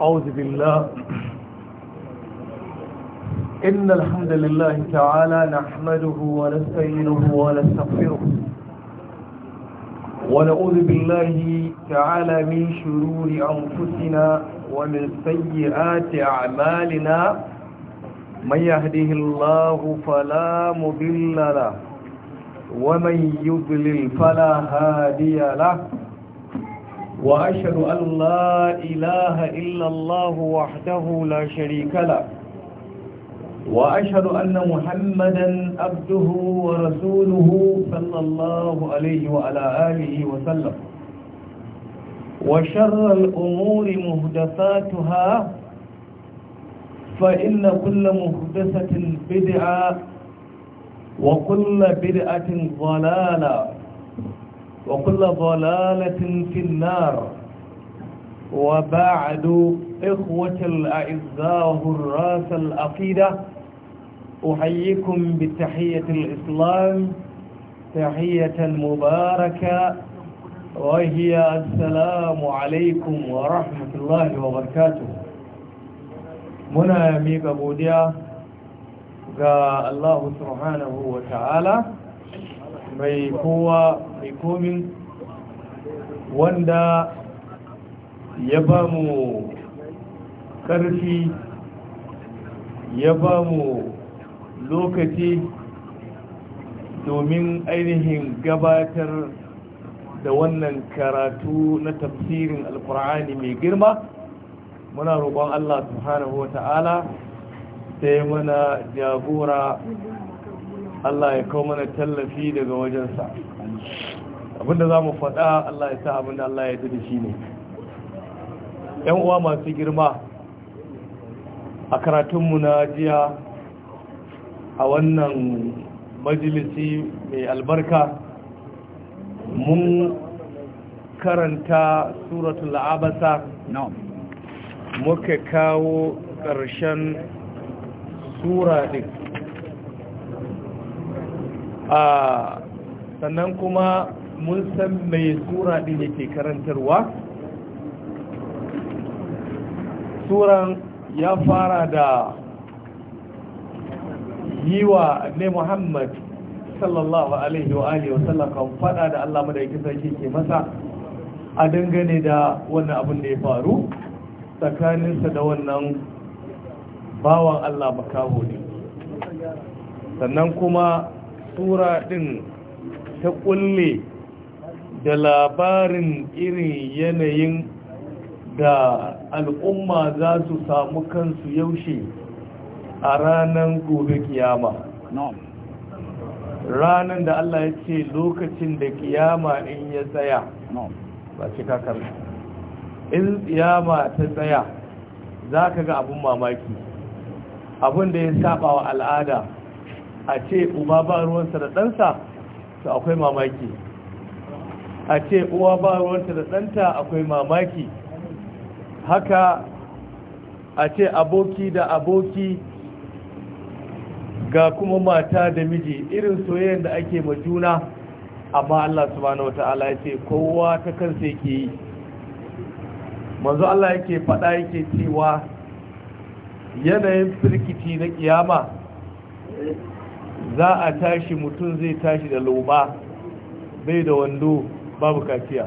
أعوذ بالله إن الحمد لله تعالى نحمده ونستعينه ونستغفره ونعوذ بالله تعالى من شرور أنفسنا ومن سيئات أعمالنا من يهده الله فلا مضل له ومن يضلل فلا هادي له وأشهد أن لا إله إلا الله وحده لا شريك له وأشهد أن محمدا عبده ورسوله صلى الله عليه وعلى آله وسلم وشر الأمور مهدفاتها فإن كل مهدسة بدعة وكل بدعة ضلالة وكل ضلالة في النار وبعد إخوة الأعزاء الراس العقيدة أحييكم بتحية الإسلام تحية مباركة وهي السلام عليكم ورحمة الله وبركاته منا ميقى بوديا قال الله سبحانه وتعالى ميقوى mai wanda ya ba mu ƙarfi ya ba mu lokaci domin ainihin gabatar da wannan karatu na tafsirin alkur'ani mai girma muna roƙon Allah subhanahu wa ta'ala sai mana jagora Allah ya kawo mana tallafi daga wajensa abinda za mu faɗa Allah ya sa abinda Allah ya da shi ne ‘yan uwa masu girma a karatunmu na jiya a wannan majalisi mai albarka mun karanta la'abasa abasa muka kawo ƙarshen sura ɗin a sannan kuma mun san mai sura ɗin yake karantarwa turan ya fara da yi wa ne muhammad sallallahu alaihi wa alihi wasallam kan fada da allah madaikin sarki ke masa a dangane da wannan abin da ya faru tsakaninsa da wannan bawan allah makaho ne sannan kuma tura din ta ƙulle da labarin irin yanayin da al'umma za su samu kansu yaushe a ranar gobe kiyama ranar da Allah ya ce lokacin da kiyama in ya tsaya ba cika kakar in kiyama ta tsaya za ka ga abin mamaki abin da ya saba wa al'ada a ce uba ba ruwansa da ɗansa to akwai mamaki a ce uwa ba ruwansa da ɗanta akwai mamaki haka a ce aboki da aboki ga kuma mata da miji irin soyayyar da ake ma juna amma Allah subhanahu wata'ala ya ce kowa ta kansa yake yi manzo Allah yake faɗa yake cewa yanayin firkiti na kiyama za a tashi mutum zai tashi da loba bai da wando babu kafiya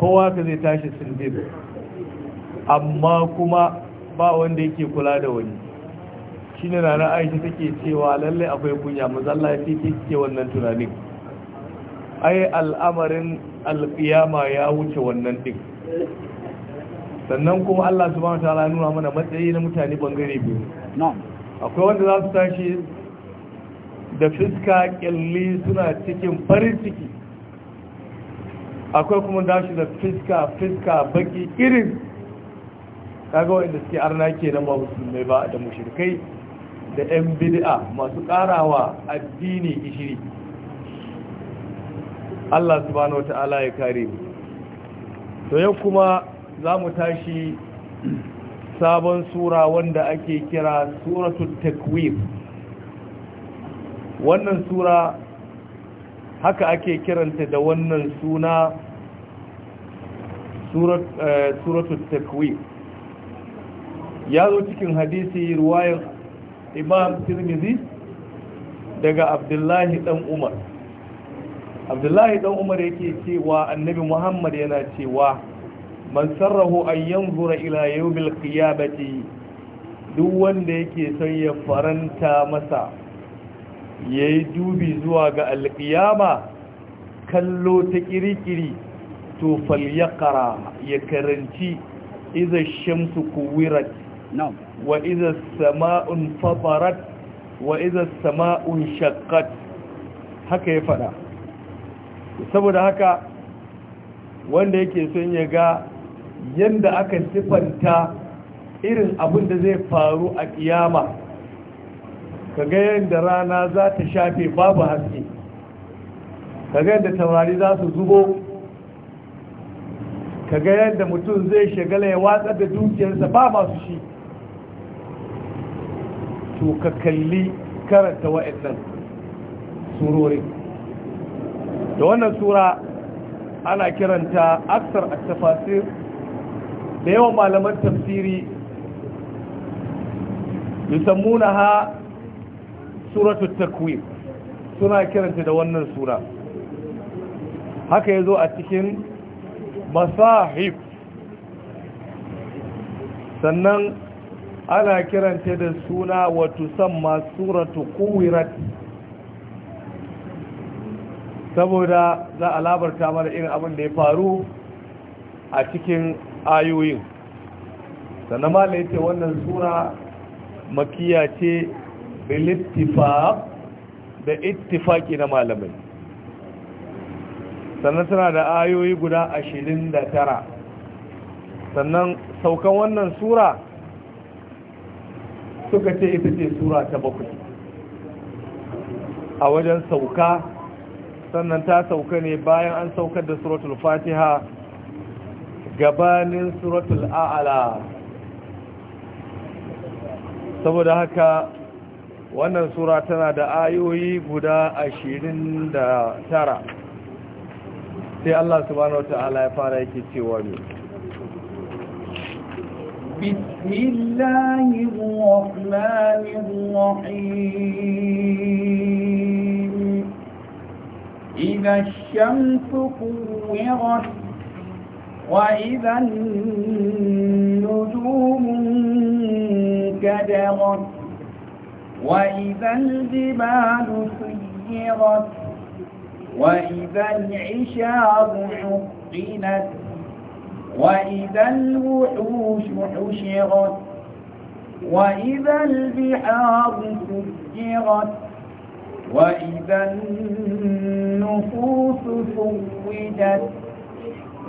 kowa ka zai tashi sindir amma kuma ba wanda yake kula da wani shi ne ranar aisha take cewa lallai akwai kunya mazalla ya fi ke wannan tunanin ai al'amarin alƙiyama ya wuce wannan ɗin sannan kuma allah su ba mutane nuna mana matsayi na mutane bangare biyu akwai wanda za su tashi da fiska kyalli suna cikin farin ciki akwai kuma dashi da fiska fiska baki irin kaga wanda suke arna ke nan ba musulmai ba da mushrikai da yan bid'a masu karawa addini gishiri Allah subhanahu wata'ala ya kare mu to yau kuma za mu tashi sabon sura wanda ake kira suratul takwim wannan sura haka ake kiranta da wannan suna eh, suratul takwi ya zo cikin hadisi ruwayar imam tirmizi daga abdullahi dan umar abdullahi dan umar yake cewa annabi muhammad yana cewa man sarrahu an yanzura ila yawmil qiyamati duk wanda yake son ya faranta masa ya yi dubi zuwa ga alƙiyama kallo ta ƙiri-ƙiri to falyakara ya karanci iza shamsu kuwirat wa iza sama'un fafarat wa iza sama'un shakkat haka ya fada saboda haka wanda yake son ya ga yadda aka siffanta irin abin da zai faru a ƙiyama kaga yadda rana za ta shafe babu haske ka ga yadda taurari za su zubo kaga yadda mutum zai shagala ya watsar da dukiyarsa ba masu shi to ka kalli karanta wa'annan surori da wannan sura ana kiranta aksar a tafasir da yawan malaman tafsiri yusammuna ha suratul takwir suna kiranta da wannan sura haka yazo a cikin masahif sannan ana kiranta da suna wato samma suratu kuwirat saboda za a labarta mana irin abin da ya faru a cikin ayoyin sannan ma ce wannan sura makiya ce bilittifaq da ittifaki na malamai sannan suna da ayoyi guda ashirin da tara sannan saukan wannan sura suka ce ita ce sura ta bakwai a wajen sauka sannan ta sauka ne bayan an saukar da suratul fatiha gabanin suratul a'ala saboda haka wannan sura tana da ayoyi guda ashirin da tara sai Allah subhanahu wa ya fara yake cewa ne bismillahir rahmanir rahim idha ash-shamsu kuwirat wa idha an-nujumu kadarat وإذا الجبال سيرت وإذا العشاب حقنت وإذا الوحوش حشرت وإذا البحار سجرت وإذا النفوس سودت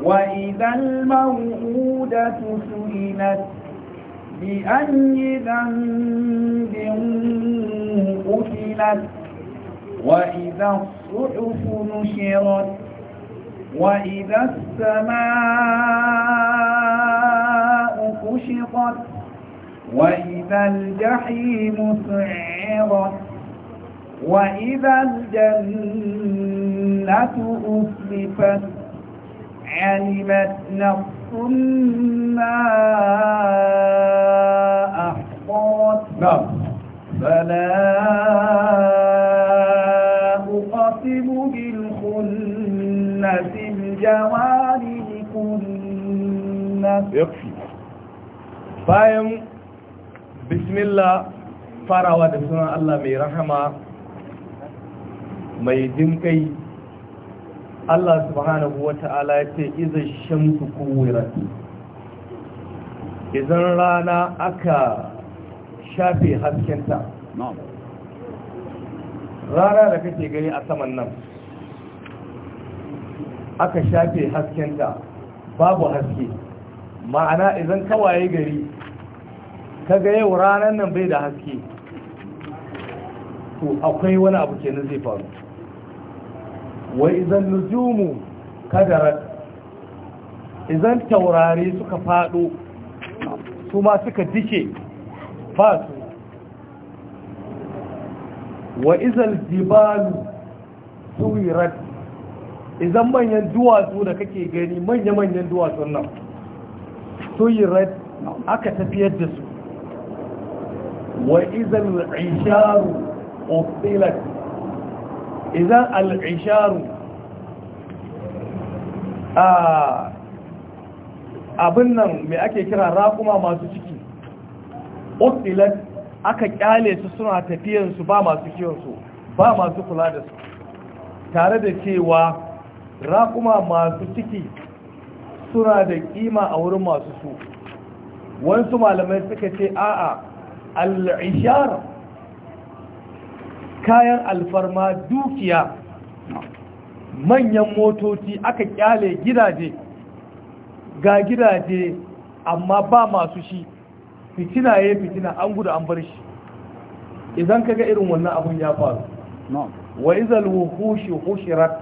وإذا الموءودة سئلت بأي ذنب قتلت وإذا الصحف نشرت وإذا السماء كشطت وإذا الجحيم سعرت وإذا الجنة أسلفت علمت نفس ما أحقت نعم فلا أقسم بالخنة الجوار لكنة يكفي بايم بسم الله farawa da sunan Allah mai rahama mai jinkai Allah subhanahu wa ta'ala ya ce iza shamsu kuwirat Idan rana aka shafe haskenta rana da kake gani a saman nan aka shafe haskenta babu haske ma'ana ka kawaye gari kaga yau ranar nan bai da haske to akwai wani abu kenan zai faru wa izan nujumu kadarat izan taurari suka fado su ma suka dike fasu wa izan jibalu suwirat izan manyan duwatsu da kake gani manya-manyan duwatsun nan suwirat aka tafiyar da su wa izan isharu ofilat idan al'isharu abin nan mai ake kira raƙuma masu ciki otilat aka kyale su suna tafiyansu ba masu kiwonsu ba masu kula da su tare da cewa raƙuma masu ciki suna da ƙima a wurin masu su su malamai suka ce a'a al'ishar kayan alfarma dukiya manyan motoci aka kyale gidaje ga gidaje amma ba masu shi fitina ya fitina an gudu an bar shi idan ka ga irin wannan abun ya faru wa izal wuhushi hushirat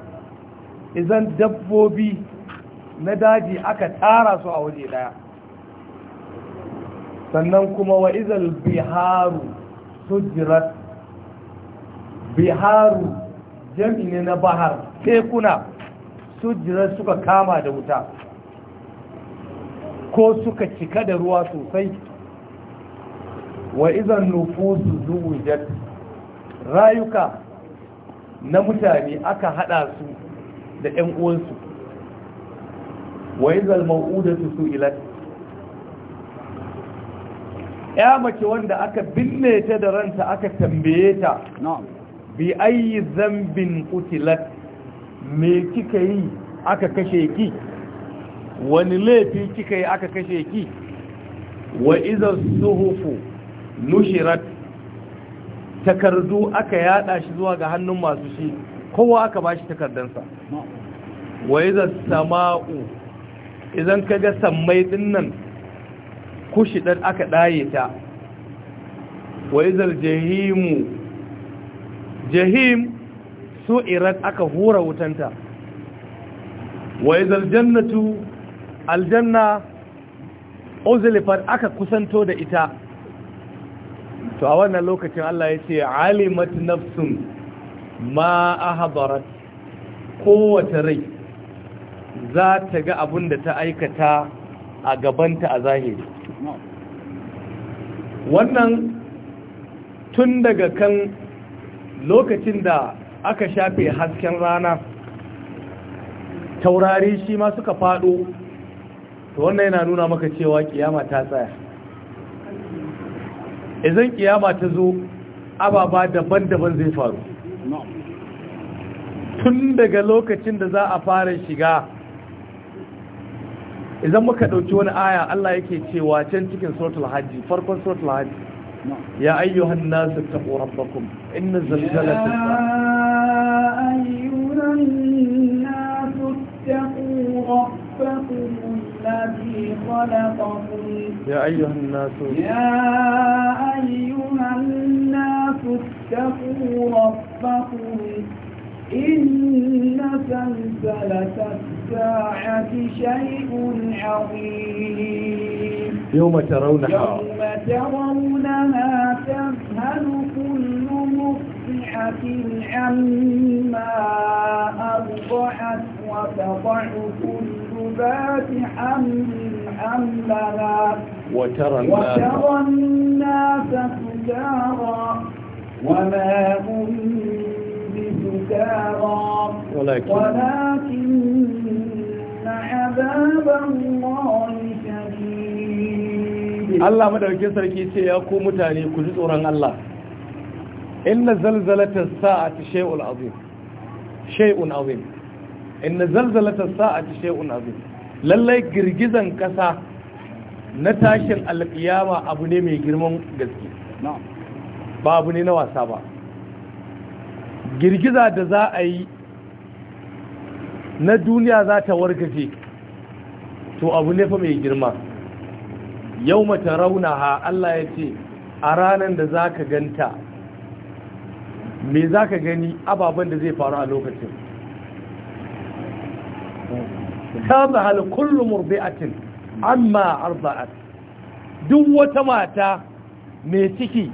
idan dabbobi na daji aka tara su a waje daya sannan kuma wa izal biharu sujirat biharu jam'i ne na bahar tekuna jira suka kama da wuta ko suka cika da ruwa sosai wa izan nufusu zuwujat rayuka na mutane aka hada su da 'yan uwansu wa izal mau'udatu su'ilat ya mace wanda aka binne ta da ranta aka tambaye ta na'am bi ayi zambin kutilat me kika yi aka kashe ki wani laifi kika yi aka kashe ki wa iza suhufu nushirat takardu aka yada shi zuwa ga hannun masu shi kowa aka ba shi takardansa wa iza sama'u idan ka ga sammai dinnan kushi dan aka daye ta wa iza jahimu jahim su'irat aka hura wutanta wa izal jannatu aljanna uzlifat aka kusanto da ita to a wannan lokacin Allah ya ce alimat nafsun ma ahdarat kowace rai za ta ga abin da ta aikata a gabanta a zahiri wannan tun daga kan lokacin da aka shafe hasken rana taurari shi ma suka fado to wannan yana nuna maka cewa kiyama ta tsaya idan kiyama ta zo ababa daban-daban zai faru tun daga lokacin da za a fara shiga idan muka ɗauki wani aya Allah yake cewa can cikin suratul hajji farkon suratul hajji ya ayyuhan nasu taqurabbakum إن زلزلة يا أيها الناس اتقوا ربكم الذي خلقكم يا أيها الناس يا أيها الناس اتقوا ربكم إن سلسلة الساعة شيء عظيم يوم ترونها يوم ترونها تذهل كل أضحت الحما أضحت وتضع كل ذات حمل حملها وترى الناس سجارا وما هم بسجارا ولكن, ولكن عذاب الله شديد Allah madaukakin sarki ce ya ku mutane ku ji tsoron Allah inna zalzalatar sa'ati shay'un azim shay'un azim inna zalzalatar sa'ati shay'un azim lallai girgizan kasa na tashin alƙiyama abu ne mai girman gaske ba abu ne na wasa ba girgiza da za a yi na duniya za ta wargaje to abu ne fa mai girma yau mata rauna ha Allah ya ce a ranar da za ka ganta me za ka gani ababen da zai faru a lokacin ta zahal kullum murbi'atin amma arba'at duk wata mata mai ciki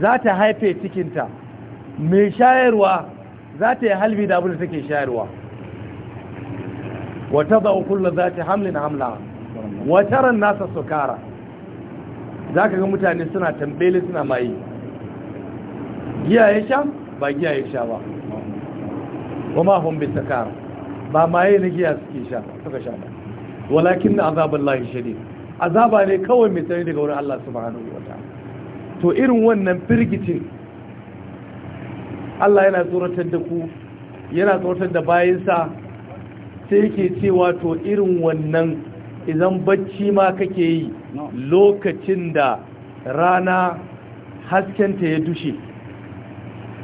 za ta haife cikinta mai shayarwa za ta yi halbi da abin da take shayarwa wata a kullum za ta hamlin hamla wataran nasa sukara za ka ga mutane suna tambele suna maye giya ya sha ba giya ya sha ba wama hum bisakar ba maye na giya suke sha suka sha ba walakin lahi shadid azaba ne kawai mai tsari daga wurin Allah subhanahu wataala to irin wannan firgicin Allah yana tsoratar da ku yana tsoratar da bayansa sai yake cewa to irin wannan idan bacci ma kake yi lokacin da rana haskenta ya dushe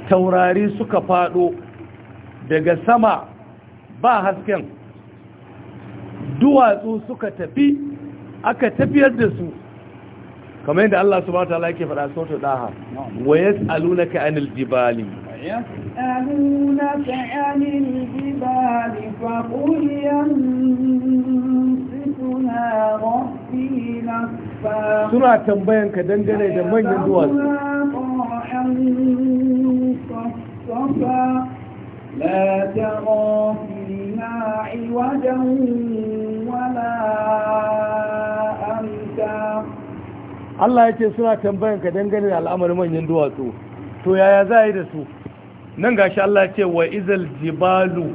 taurari suka fado daga sama ba hasken duwatsu suka tafi aka tafiyar da su kamar yadda Allah subhanahu wa ta'ala yake faɗa sautu daha wa yas'alunaka anil jibali يسألونك عن الجبال فقل ينسفها ربي نسفا سنة تنبين كدنجنة دمان يدوال لا ترى فيها عوجا ولا أمتا Allah ya ce suna tambayanka dangane da al'amarin manyan duwatsu to yaya za a yi da su nan gashi Allah ce wa izal jibalu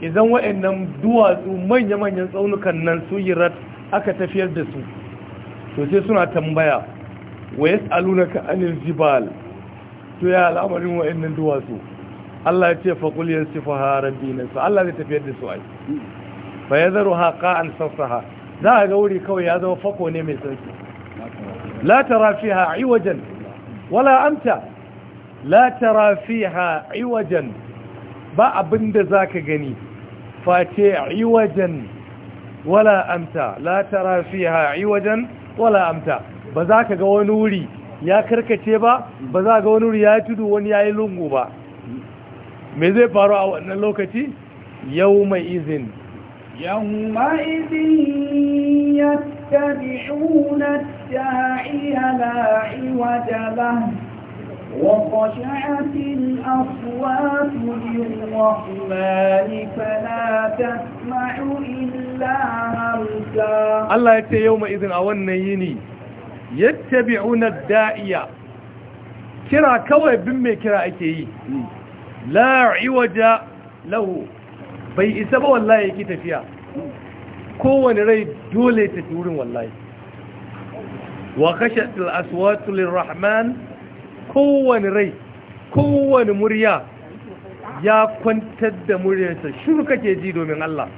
idan wa'annan duwatsu manya-manyan tsaunukan nan su yi rat aka tafiyar da su to sai suna tambaya wa yas'alunaka anil jibal to ya al'amarin wa'annan duwatsu Allah ya ce faqul yansifaha rabbina fa Allah zai tafiyar da su ai fa yadharuha qa'an safaha za a ga wuri kawai ya zama fako ne mai sauki la tara fiha iwajan wala amta la tara fiha iwajan ba abinda zaka gani face iwajan wala amta la tara fiha iwajan wala amta ba za ka ga wani wuri ya karkace ba ba za ga wani wuri ya tudu wani yayi yi lungu ba me zai faru a wannan lokaci yau mai izin يومئذ يتبعون الداعي لا عوج له وخشعت الأصوات للرحمن فلا تسمع إلا همسا الله يكتب يومئذ أولنا يني يتبعون الدائية كرا كوي بمي كرا أكيه لا عوج له bai isa ba wallahi yake tafiya kowane rai dole ta turin wallahi wa kashatil aswatu lirrahman kowane rai kowane murya ya kwantar da muryarsa shiru kake ji domin Allah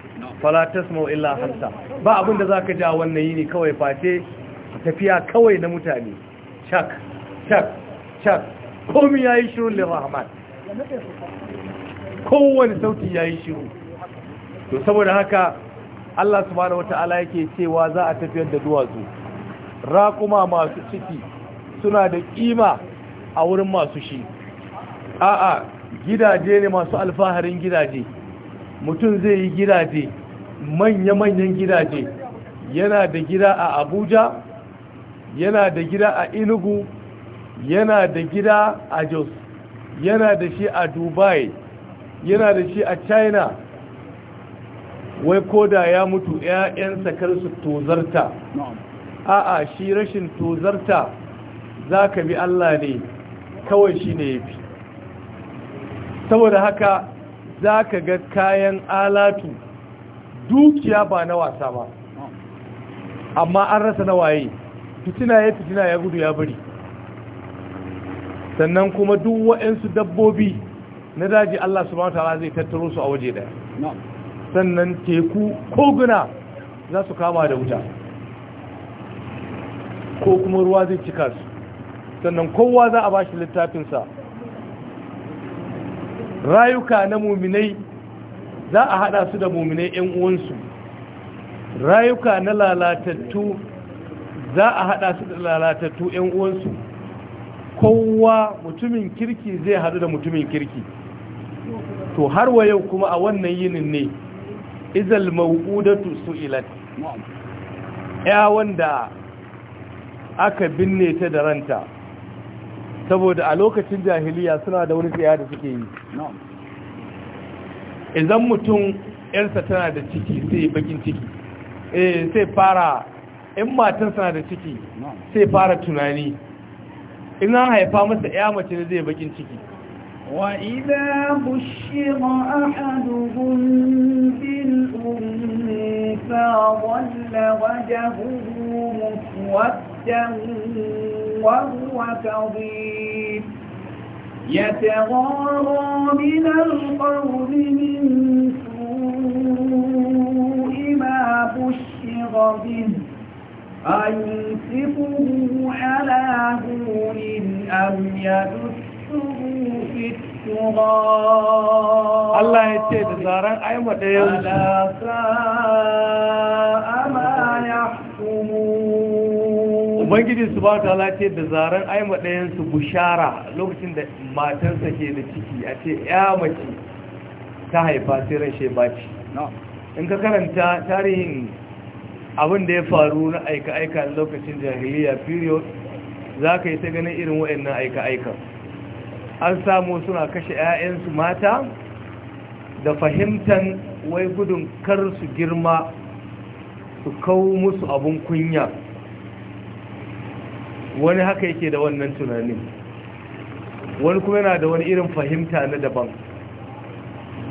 falatas illa hanta. ba abinda za ka ji a wannan yini kawai face tafiya kawai na mutane chak chak chak komai yayi shiru lirahman kowane sauti ya yi shiru to saboda haka Allah subhanahu wataala yake cewa za a tafiyar da duwatsu raƙuma masu ciki suna da kima a wurin masu shi a'a gidaje ne masu alfaharin gidaje mutum zai yi gidaje manya-manyan gidaje yana da gida a abuja yana da gida a inugu yana da gida a jos yana da shi a dubai yana da shi a china wai koda ya mutu 'ya'yansa kar su tozarta a'a shi rashin tozarta za ka bi allah ne kawai shi ne ya saboda haka za ka ga kayan alatu dukiya ba na wasa ba amma an rasa na waye fitina ya fitina ya gudu ya bari sannan kuma duk waɗansu dabbobi na daji Allah subhanahu ta'ala zai tattaro su a waje daya sannan teku koguna za su kama da wuta ko kuma ruwa zai cika su sannan kowa za a ba shi littafinsa rayuka na muminai za a haɗa su da muminai 'yan uwansu rayuka na lalatattu za a haɗa su da lalatattu 'yan uwansu kowa mutumin kirki zai haɗu da mutumin kirki to har wa yau kuma a wannan yinin ne izal mau'udatu su'ilat ya wanda aka binne ta da ranta saboda a lokacin jahiliya suna da wani tsaya da suke yi idan mutum yarsa tana da ciki sai bakin ciki eh, sai fara in matarsa na da ciki sai fara tunani in an haifa masa ya mace da zai bakin ciki وإذا بشر أحدهم بالأنثى ظل وجهه مسودا وهو كظيم يتغارى من القول من سوء ما بشر به أيمسكه على هون أم يدسه Allah ya ce da zaren aima yau su. Ubangiji su ba ta ce da zaren aima ɗayan su bushara lokacin da matarsa ke da ciki a ce ya mace ta haifa sai ba ci. In ka karanta tarihin abin da ya faru na aika-aika lokacin jahiliya period za ka yi ta ganin irin waɗannan aika-aikan. an samu suna kashe 'ya'yansu mata da fahimtan wai gudun kar su girma su kawo musu abin kunya wani haka yake da wannan tunanin wani kuma yana da wani irin fahimta na daban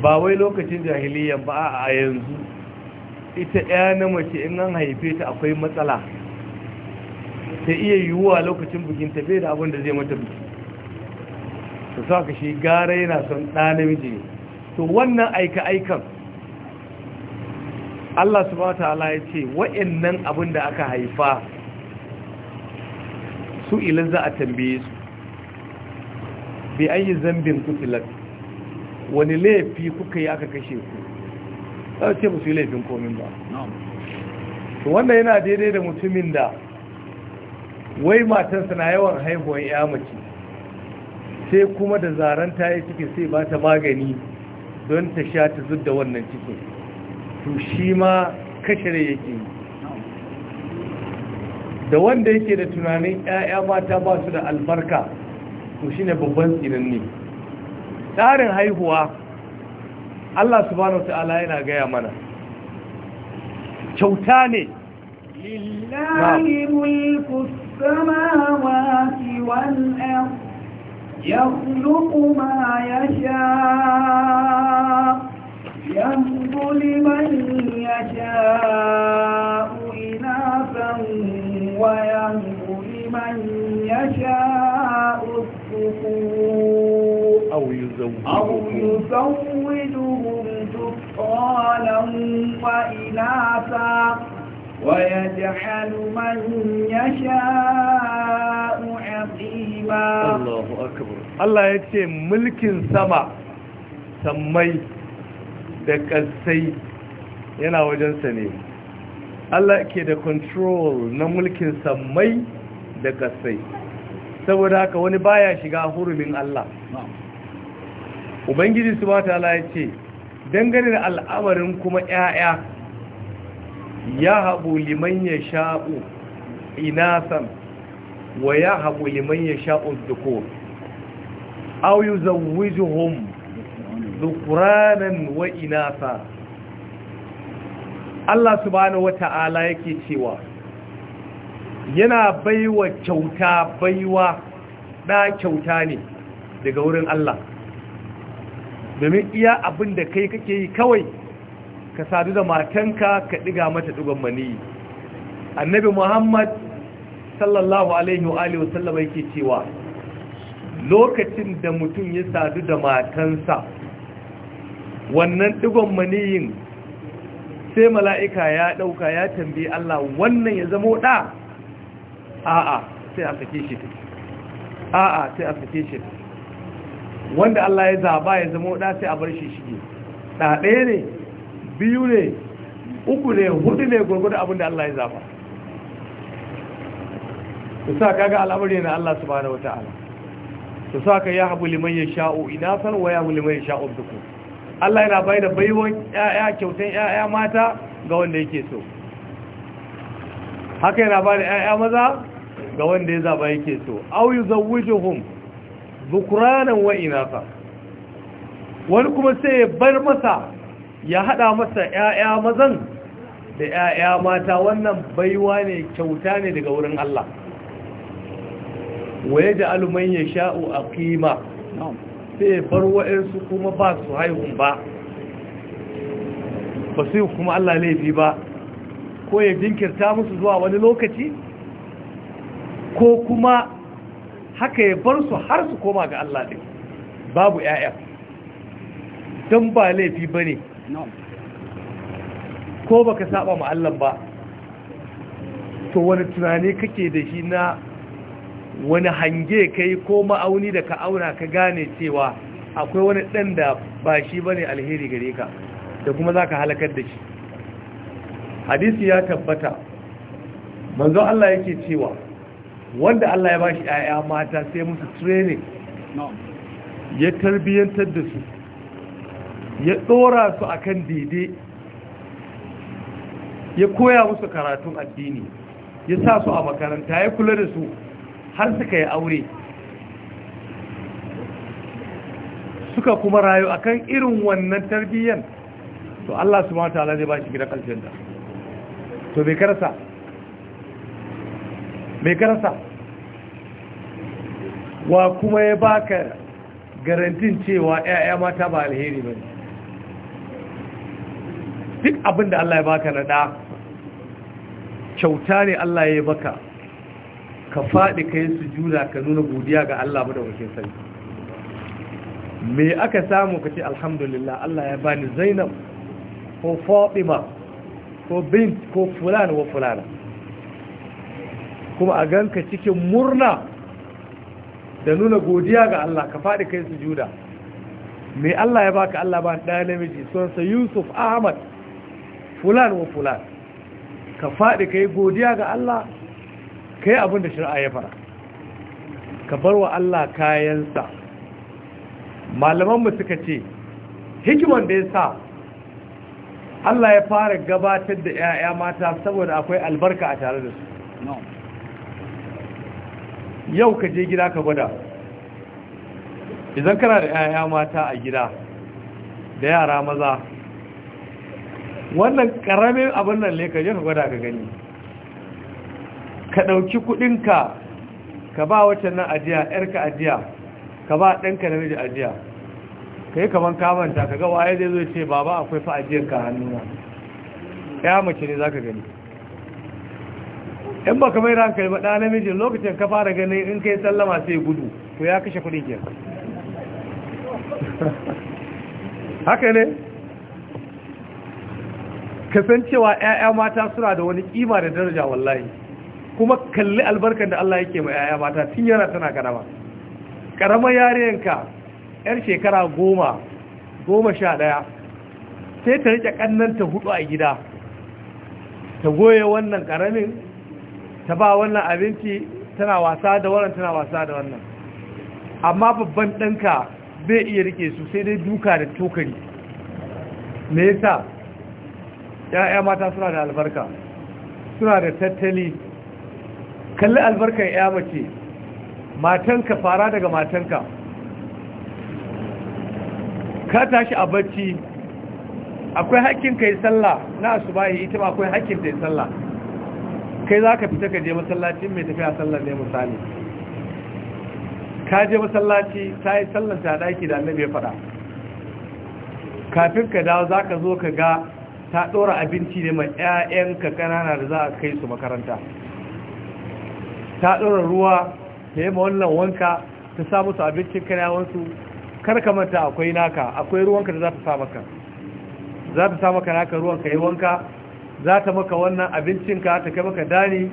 ba wai lokacin jahiliya ba a yanzu ita ɗaya na mace in an haife ta akwai matsala ta iya yiwuwa lokacin bikin tafiye da abin da zai mata biki sa ka shi gara yana son ɗa namiji ne to wannan aika-aikan Allah ta ta'ala ya ce nan abin da aka haifa su ilin za a tambaye su bi yi zambin kutilat wani laifi kuka yi aka kashe ku za a ce musu yi laifin komin ba to wannan yana daidai da mutumin da wai matansa na yawan haihuwan ya mace sai kuma da zaren ta yi cikin sai ba ta magani don ta sha ta zudda wannan cikin to shi ma kashare yake yi da wanda yake da tunanin 'ya'ya mata ba su da albarka to shi ne babban tsinan ne tsarin haihuwa Allah subhanahu ta'ala yana gaya mana kyauta ne lillahi mulku samawati wal ardh يخلق ما يشاء يهب لمن يشاء إناثا ويهب لمن يشاء الذكور أو يزوجهم سلطانا وإناثا ويجعل من يشاء Allah ya ce mulkin sama sammai da ƙasai yana wajensa ne Allah ke da control na mulkin sammai da ƙasai saboda haka wani baya shiga hurumin Allah Ubangiji su mata Allah ya ce dangane da al'amarin kuma ‘ya'ya ya haɓu liman ya sha'u inasan wa ya haɓu liman ya sha'ud dukur aw yuzawwijuhum dhukuranan wa inasa Allah subhanahu ta'ala yake cewa yana baiwa kyauta baiwa da kyauta ne daga wurin Allah domin iya abin da kai kake yi kawai ka sadu da matanka ka diga mata dugan mani. annabi Muhammad sallallahu alaihi wa alihi wasallam yake cewa lokacin da mutum ya sadu da matansa wannan digon maniyin sai mala'ika ya ɗauka ya tambayi Allah wannan ya zama ɗa a'a sai a sake shi a'a sai a sake shi wanda Allah ya zaba ya zama ɗa sai a bar shi shige ɗaɗe ne biyu ne uku ne hudu ne gwargwada abinda Allah ya zaba su sa kaga al'amari na Allah subhanahu wata'ala su sa ka ya habu liman ya sha'o inasar wa ya habu liman ya sha'o duku Allah yana bai da baiwon ƴaƴa kyautan ƴaƴa mata ga wanda yake so haka yana ba da ƴaƴa maza ga wanda ya zaba yake so aw yuzawwijuhum dhukranan wa ka. wani kuma sai ya bar masa ya hada masa ƴaƴa mazan da ƴaƴa mata wannan baiwa ne kyauta ne daga wurin Allah waye da aluman ya sha'u a kima sai bar wa'insu kuma ba su haihun ba ba su kuma Allah laifi ba ko ya jinkirta musu zuwa wani lokaci ko kuma haka ya bar su har su koma ga Allah ɗin babu ‘ya'ya don ba laifi ba ne ko baka saba ma’allan ba to wani tunani kake da shi na wani hange kai ko ma'auni da ka auna ka gane cewa akwai wani ɗan da ba shi ba ne alheri gare ka da kuma za ka halakar da shi hadisi ya tabbata manzon Allah yake cewa wanda Allah ya ba shi ‘ya'ya mata sai musu training ya tarbiyyantar da su ya tsora su kan daidai ya koya musu karatun addini ya sa su a makaranta ya kula da su har suka yi aure suka kuma rayu a kan irin wannan tarbiyyar to Allah su mata ala zai ba shi gidan da to bai karasa bai karasa wa kuma ya baka garantin cewa 'ya'ya mata ba alheri ba duk abinda Allah ya baka na ɗa kyauta ne Allah ya yi baka ka faɗi ka yi sujuda ka nuna godiya ga Allah da madaukakin sai me aka samu ka ce alhamdulillah Allah ya bani Zainab ko Fatima ko bint ko fulana wa fulana kuma a ganka cikin murna da nuna godiya ga Allah ka faɗi kai sujuda Me Allah ya baka Allah ba ɗaya namiji sunsa Yusuf Ahmad fulan wa fulan ka faɗi kai godiya ga Allah kai abin da shari'a ya fara ka bar wa Allah kayansa malamanmu suka ce hikiman da ya sa Allah ya fara gabatar da 'ya'ya mata saboda akwai albarka a tare da su yau ka je gida ka gwada idan kana da 'ya'ya mata a gida da yara maza wannan ƙaramin abin nan ne ka je ka gwada ka gani ka ɗauki kuɗinka ka ba watan nan ajiya ‘yarka ajiya ka ba ɗanka na miji ajiya ka yi kamar kamanta ka ga ya zai zo ce baba akwai fa ajiyar ka hannuna ya mace ne za ka gani in ba ka mai ranka ba ɗa namijin lokacin ka fara ganin in ka yi sallama sai gudu to ya kashe kuɗin ke haka ne kasancewa 'ya'ya mata suna da wani ƙima da daraja wallahi kuma kalli albarkar da Allah yake mai yaya mata tun yana tana karama karama yarinka yar shekara goma goma sha ɗaya sai ta rike ƙannanta hudu a gida ta goye wannan ƙaramin ta ba wannan abinci tana wasa da wannan tana wasa da wannan amma babban ɗanka bai iya rike su sai dai duka da tokari me yasa ya'ya mata suna da albarka suna da tattali kalli albarkar ya mace matanka fara daga matanka ka tashi a bacci akwai hakkin ka yi sallah na yi ita ma akwai hakkin ta yi sallah kai za ka fita ka je masallacin mai tafiya sallar ne misali ka je masallaci ta yi sallar ta daki da annabi ya faɗa kafin ka dawo za ka zo ka ga ta ɗora abinci ne ma 'ya'yanka ƙanana da za a kai su makaranta ta ɗora ruwa ta yi ma wannan wanka ta sa musu abincin karyawansu kar ka manta akwai naka akwai ruwanka da za ta sa maka za ta sa maka naka ruwanka yi wanka za ta maka wannan abincinka ta kai maka dani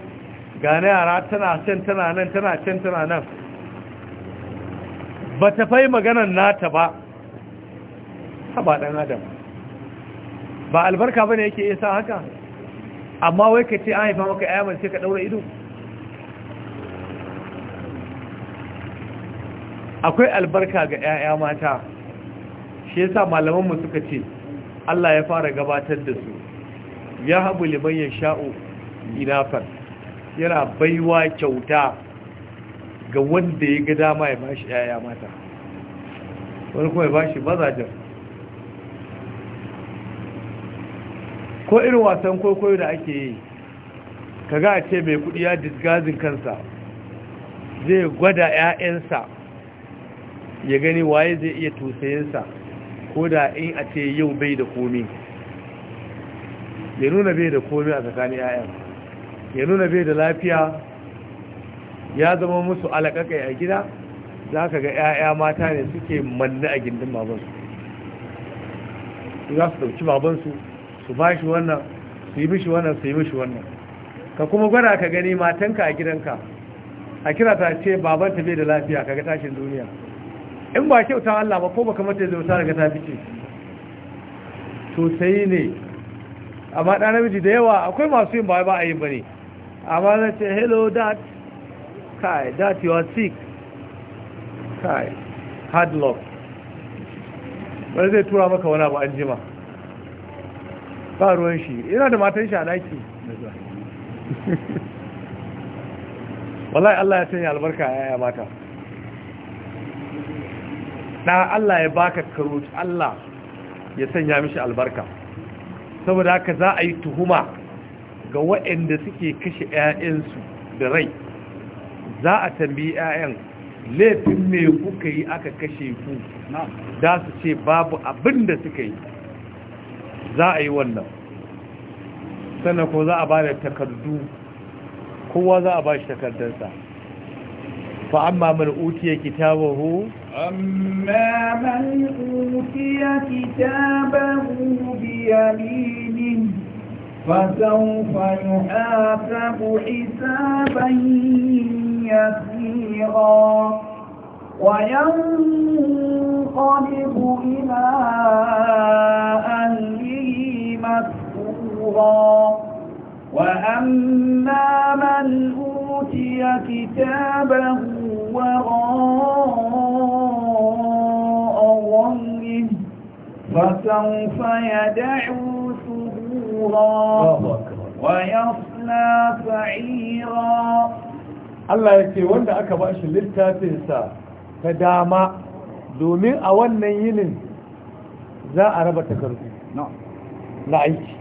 ga na yara tana can tana nan tana can tana nan ba ta fai maganan nata ba ba ɗan adam ba albarka ba ne yake isa haka amma wai ka ce an haifa maka ya sai ka ɗaura ido akwai albarka ga 'ya'ya mata shi yasa malamanmu suka ce Allah ya fara gabatar da su ya habu liman ya sha'u inafar yana baiwa kyauta ga wanda ya ga dama ya bashi 'ya'ya mata wani kuma ya bashi mazajen ko irin wasan kwaikwayo da ake yi kaga a ce mai kudi ya disgazin kansa zai gwada 'ya'yansa ya gani waye zai iya tusayensa ko da in a ce yau bai da komi ya nuna bai da komi a tsakanin yayan ya nuna bai da lafiya ya zama musu alaƙaƙai a gida za ka ga 'ya'ya mata ne suke manni a gindin babansu za su ɗauki babansu su ba shi wannan su yi mishi wannan su yi mishi wannan ka kuma gwada ka gani matanka a gidanka a kira ta ce babanta bai da lafiya kaga tashin duniya in ba kyauta Allah ba ko baka mata zauta daga tafi ce to sai ne amma ɗan namiji da yawa akwai masu yin ba ba a yi ba ne amma na ce hello dad kai dad you are sick kai hard luck wani zai tura maka wani abu an jima ba ruwan shi yana da matan shi a daki wallahi Allah ya sanya albarka a yaya mata da Allah ya baka karut Allah ya sanya mishi albarka saboda haka za a yi tuhuma ga waɗanda suke kashe 'ya'yansu da rai za a tambayi 'ya'yan laifin me kuka yi aka kashe ku da su ce babu abin da suka yi za a yi wannan sannan ko za a ba da takardu kowa za a ba shi takardarsa fa amma man utiya kitabahu أما من أوتي كتابه بيمينه فسوف يحاسب حسابا يسيرا وينقلب إلى أهله مسكورا وأما من أوتي كتابه وراء ظهره فسوف يدعو ثبورا ويصلى سعيرا ya ce wanda aka ba shi littafinsa ta dama domin a wannan yinin za a raba takardu na aiki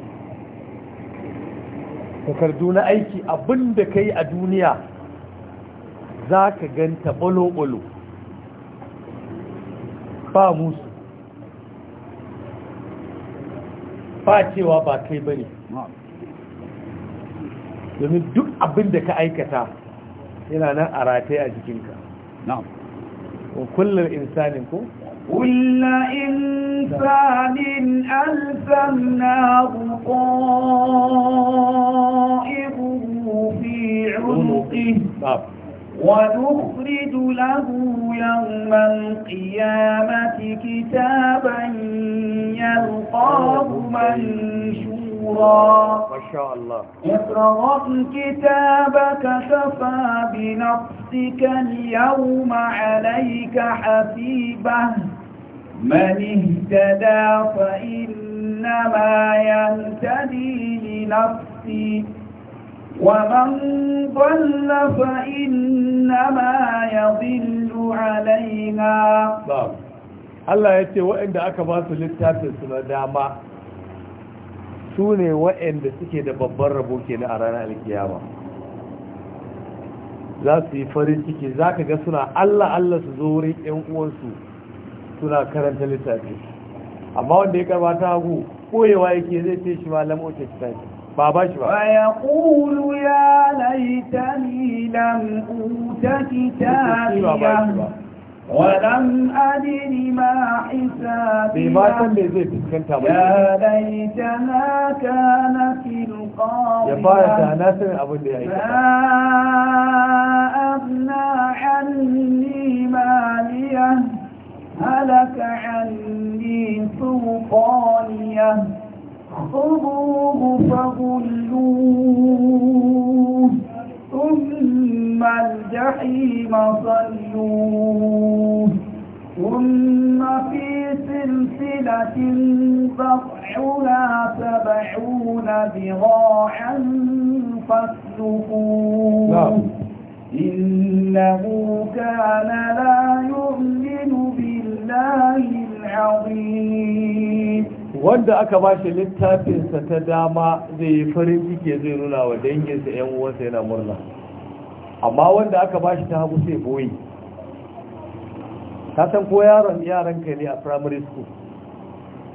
takardu na aiki abinda ka yi a duniya za ka ganta ɓalo-ɓalo, ba musu ba cewa ba kai ba ne domin duk abin da ka aikata yana nan a rataye a jikinka kullum insanin ko كل إنسان buko ibu fi عنقه ونخرج له يوم القيامة كتابا يلقاه منشورا ما شاء الله اقرأ كتابك كفى بنفسك اليوم عليك حسيبا من اهتدى فإنما يهتدي لنفسه ومن ضل فإنما يضل علينا نعم Allah ya ce دا aka ba su داما سوني na dama سكي دا suke da babban rabo a ranar alkiyama za su yi farin ciki za ka ga suna Allah Allah su zo wurin 'yan uwansu suna karanta littafi amma wanda ya karbata hagu koyewa yake zai ce shi malam oke littafi فيقول يا ليتني لم أوت كتابيا ولم أدر ما حسابيا يا ليتها كانت القاضية ما أغنى عني ماليه هلك عني سلطانيه خذوه فغلوه ثم الجحيم صلوه ثم في سلسلة ضرعها سبعون ذراعا فاسلكوه نعم. إنه كان لا يؤمن بالله العظيم wanda aka ba shi littafinsa ta dama zai yi farin ciki zai nuna wa danginsa yan uwansa yana murna amma wanda aka ba shi ta hagu sai boye ka san ko yaron yaran ka ne a primary school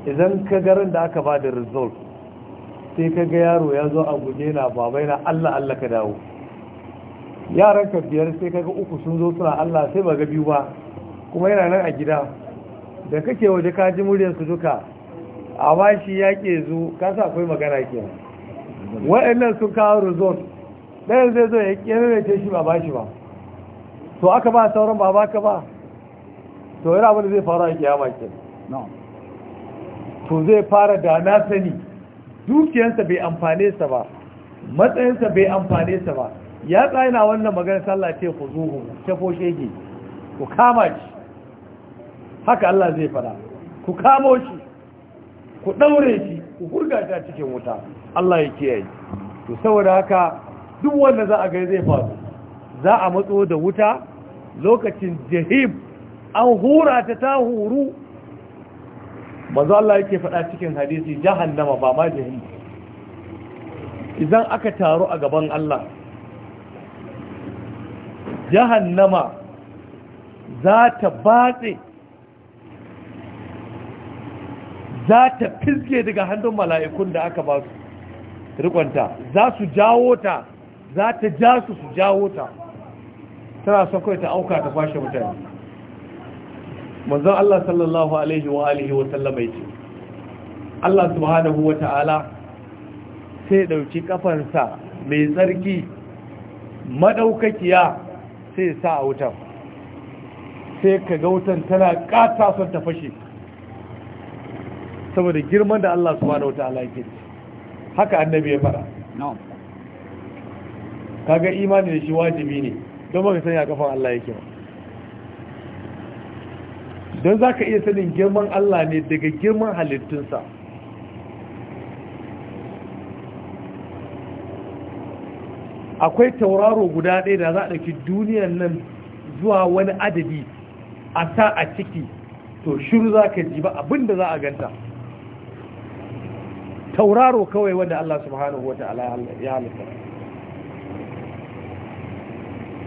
idan ka garin da aka ba da result sai ka ga yaro ya zo a guje na babai na Allah Allah ka dawo yaran ka biyar sai ka ga uku sun zo suna Allah sai ba ga biyu ba kuma yana nan a gida da kake waje ka ji muryar duka a shi ya ke kasa akwai magana ke waɗannan sun kawo rizon ɗayan zai zo ya ƙirarrace shi ba ba shi ba to aka ba sauran ba ba ka ba to yana abin da zai fara a kiyama ke to zai fara da na sani dukiyarsa bai amfane sa ba matsayinsa bai amfane sa ba ya tsayina wannan maganar sallah ce ku zuhu ta shege ku kama shi haka Allah zai fara ku kamo shi ku ɗaure shi ku hurga a cikin wuta Allah ya kiyaye to saboda haka duk wanda za a ga zai faru za a matso da wuta lokacin jahim an hura ta ta huru manzo Allah yake faɗa cikin hadisi jahannama ba ma jahim idan aka taru a gaban Allah jahannama za ta batse za ta fiske daga hannun mala'ikun da aka ba su rikonta za su jawo ta za ta ja su su jawo ta tana son kai ta auka ta fashe mutane manzan Allah sallallahu alaihi wa Alaihi wa sallama ce. Allah subhanahu wa ta'ala sai dauki kafansa mai tsarki maɗaukakiya sai sa a wutan sai ka ga wutan tana ƙasa son ta fashe saboda girman da Allah subhanahu wataala yake haka annabi ya fara kaga imani da shi wajibi ne don baka sani a kafan Allah yake ba don za ka iya sanin girman Allah ne daga girman halittunsa akwai tauraro guda ɗaya da za a ɗauki duniyar nan zuwa wani adadi a sa a ciki to shiru za ka ji ba abinda za a ganta tauraro kawai wanda Allah subhanahu wa ta'ala ya halitta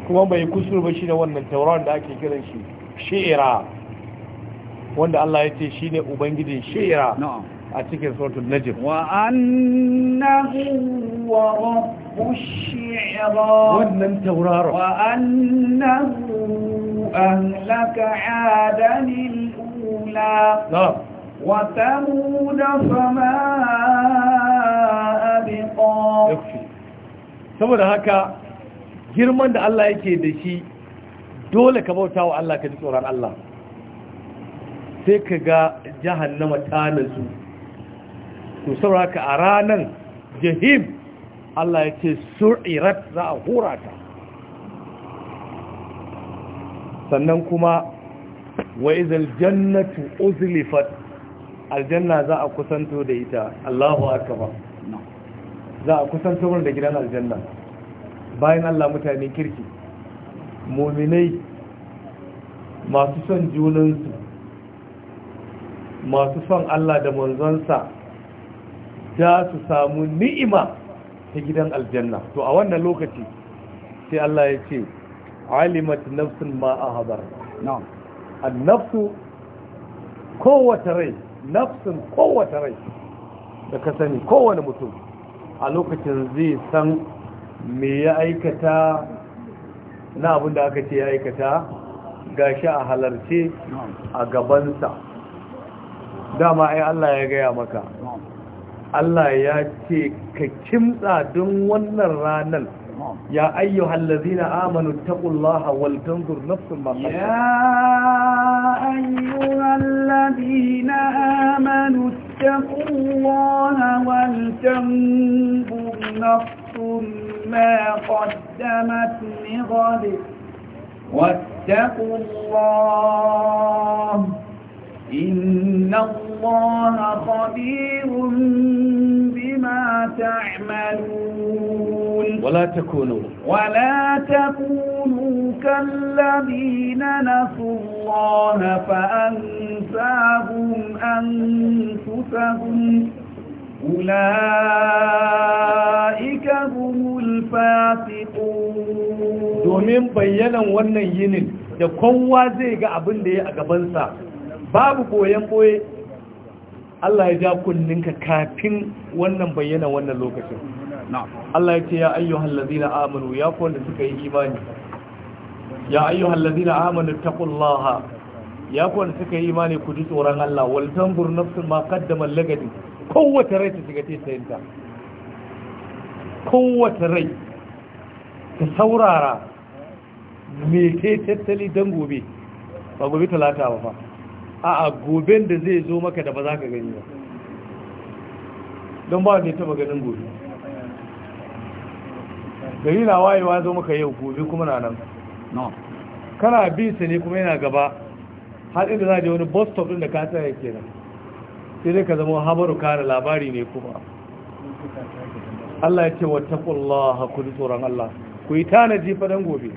kuma bai kusur ba shi da wannan tauraron da ake kiran shi shi'ira wanda Allah ya ce shi ne ubangijin shi'ira a cikin sautin najib wa annahu wa rabbu shi'ira wannan tauraro wa annahu ahlaka adanil وثمود فما أبقى saboda haka girman da Allah yake da shi dole ka bauta wa Allah ka ji tsoron Allah sai ka ga jahannama ta nasu saboda haka a ranar jahim Allah ya ce surirat za a hura ta sannan kuma wa izal jannatu uzlifat aljanna za a kusanto da ita Allahu akbar za a kusanto da gidan aljanna bayan Allah mutane kirki muminai masu son junansu masu son Allah da manzonsa za su samu ni'ima ta gidan aljanna to a wannan lokaci sai Allah ya ce alimat nafsin ma annafsu kowace rai nafsin kowace rai da ka sani kowane mutum a lokacin zai san me ya aikata na abin da aka ce ya aikata ga shi a halarce a gabansa dama ai Allah ya gaya maka Allah ya ce ka kimtsa don wannan ranar يا أيها الذين آمنوا اتقوا الله ولتنظر نفس ما قدمت يا أيها الذين آمنوا اتقوا الله ولتنظر نفس ما قدمت لغد واتقوا الله إن الله خبير بما تعملون ولا تكونوا ولا تكونوا كالذين نسوا الله فأنساهم أنفسهم أولئك هم الفاسقون دومين bayyanan wannan yinin da kowa zai ga abin da ya a gabansa babu boyen boye Allah ya ja kunninka kafin wannan bayyana wannan lokacin Allah ya ce ya ayyuhal ladina amanu ya ku wanda suka yi imani ya ayyuhal ladina amanu taqullaha ya ku wanda suka yi imani ku ji tsoron Allah wal tanzur nafsun ma qaddamat lagadi kowace rai ta shiga taitayinta kowace rai ta saurara me ke tattali don gobe ba gobe talata ba fa a goben da zai zo maka da ba za ka gani ba don ba ne taba ganin gobe gari na wayewa zo maka yau gobe kuma na nan kana bin sa ne kuma yana gaba har inda za a je wani bus stop ɗin da ka ke nan sai dai ka zama habaru kare labari ne kuma Allah ya ce wa taqullaha ku tsoron Allah ku yi tana fa don gobe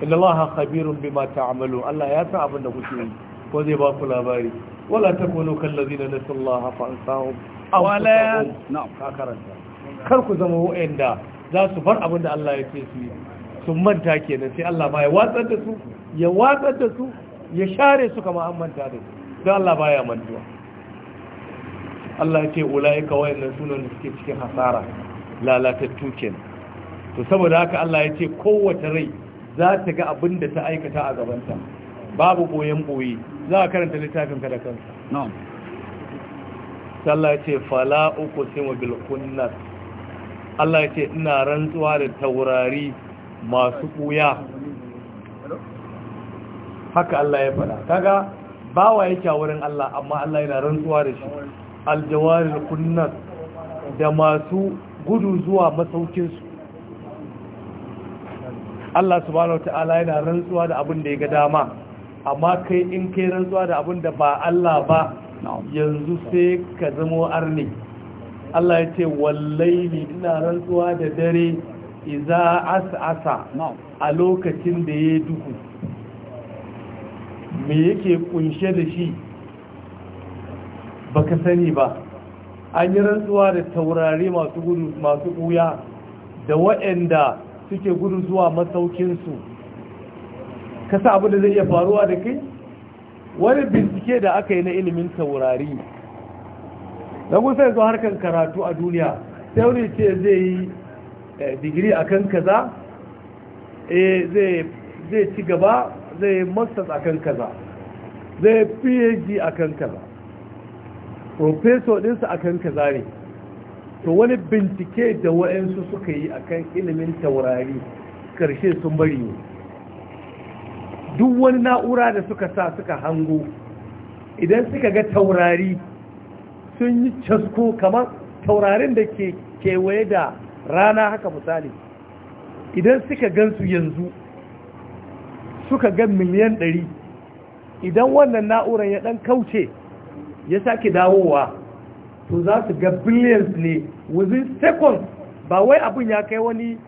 inna ha khabirun bima ta'malu Allah ya san abin da kuke yi ko zai ba ku labari wala takunu kallazina nasallaha fa ansahum aw wala na'am ka karanta kar ku zama wa'anda za su bar abin da Allah ya ce su yi sun manta kenan sai Allah ma ya watsar da su ya watsar da su ya share su kama an manta da su don Allah baya mantuwa Allah ya ce ula'ika wayannan sunan da suke cikin hasara lalatattu kenan to saboda haka Allah ya ce kowace rai za ta ga abin da ta aikata a gabanta babu boyen boye za a karanta littafin ka da kansa. na'am Allah ya ce fala uqsimu bil kunnas Allah ya ce ina rantsuwa da taurari masu kuya haka Allah ya faɗa kaga wa yake a wurin Allah amma Allah yana rantsuwa da shi aljawaril kunnan da masu gudu zuwa masaukinsu Allah subhanahu wa ta'ala yana rantsuwa da abin da ya ga dama amma kai in kai rantsuwa da abin da ba Allah ba yanzu sai ka zamo arni Allah ya ce wallaili ina rantsuwa da dare iza as'asa a lokacin da ya duhu me yake kunshe da shi baka sani ba an yi rantsuwa da taurari masu gudu masu kuya da waɗanda suke gudu zuwa masaukinsu ka sa abu da zai iya faruwa da kai wani bincike da aka yi na ilimin taurari da sai zuwa harkar karatu a duniya sai wani ce zai yi eh, digiri a kan kaza eh, zai ci gaba zai yi masters a kan kaza zai yi phd a kan kaza professor dinsa a kan kaza ne to wani bincike da wa'yansu suka yi a kan ilimin taurari ƙarshe sun bari ne duk wani na'ura da suka sa suka hango idan suka ga taurari sun yi casko kamar taurarin da ke kewaye da rana haka misali idan suka gansu yanzu suka gan miliyan ɗari idan wannan na'urar ya ɗan kauce ya sake dawowa to za su ga billions ne within seconds ba wai abin ya kai wani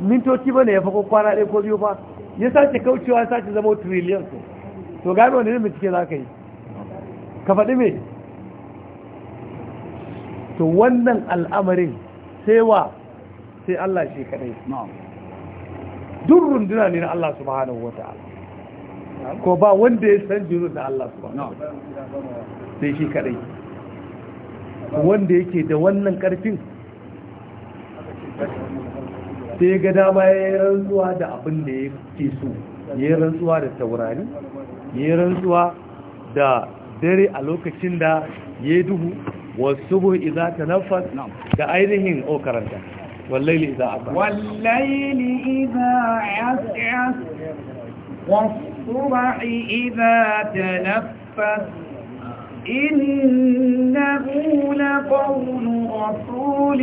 mintoci ba ne ya fako kwana ɗaya ko biyu ba ya sace kaucewa ya sace zama trillion su to gami wani ilimin cike za ka yi ka faɗi me to wannan al'amarin sai wa sai Allah shi kadai duk runduna ne na Allah subhanahu wa ta'ala ko ba wanda ya san jirun da Allah subhanahu sai shi kadai wanda yake da wannan karfin sai ga dama ya yi rantsuwa da abin da ya ke so ya yi rantsuwa da taurari ya yi rantsuwa da dare a lokacin da ya yi duhu wasu bu iza ta nafas da ainihin o karanta wallaili iza abba wallaili iza yas'as wasu ba'i iza ta nafas إنه لقول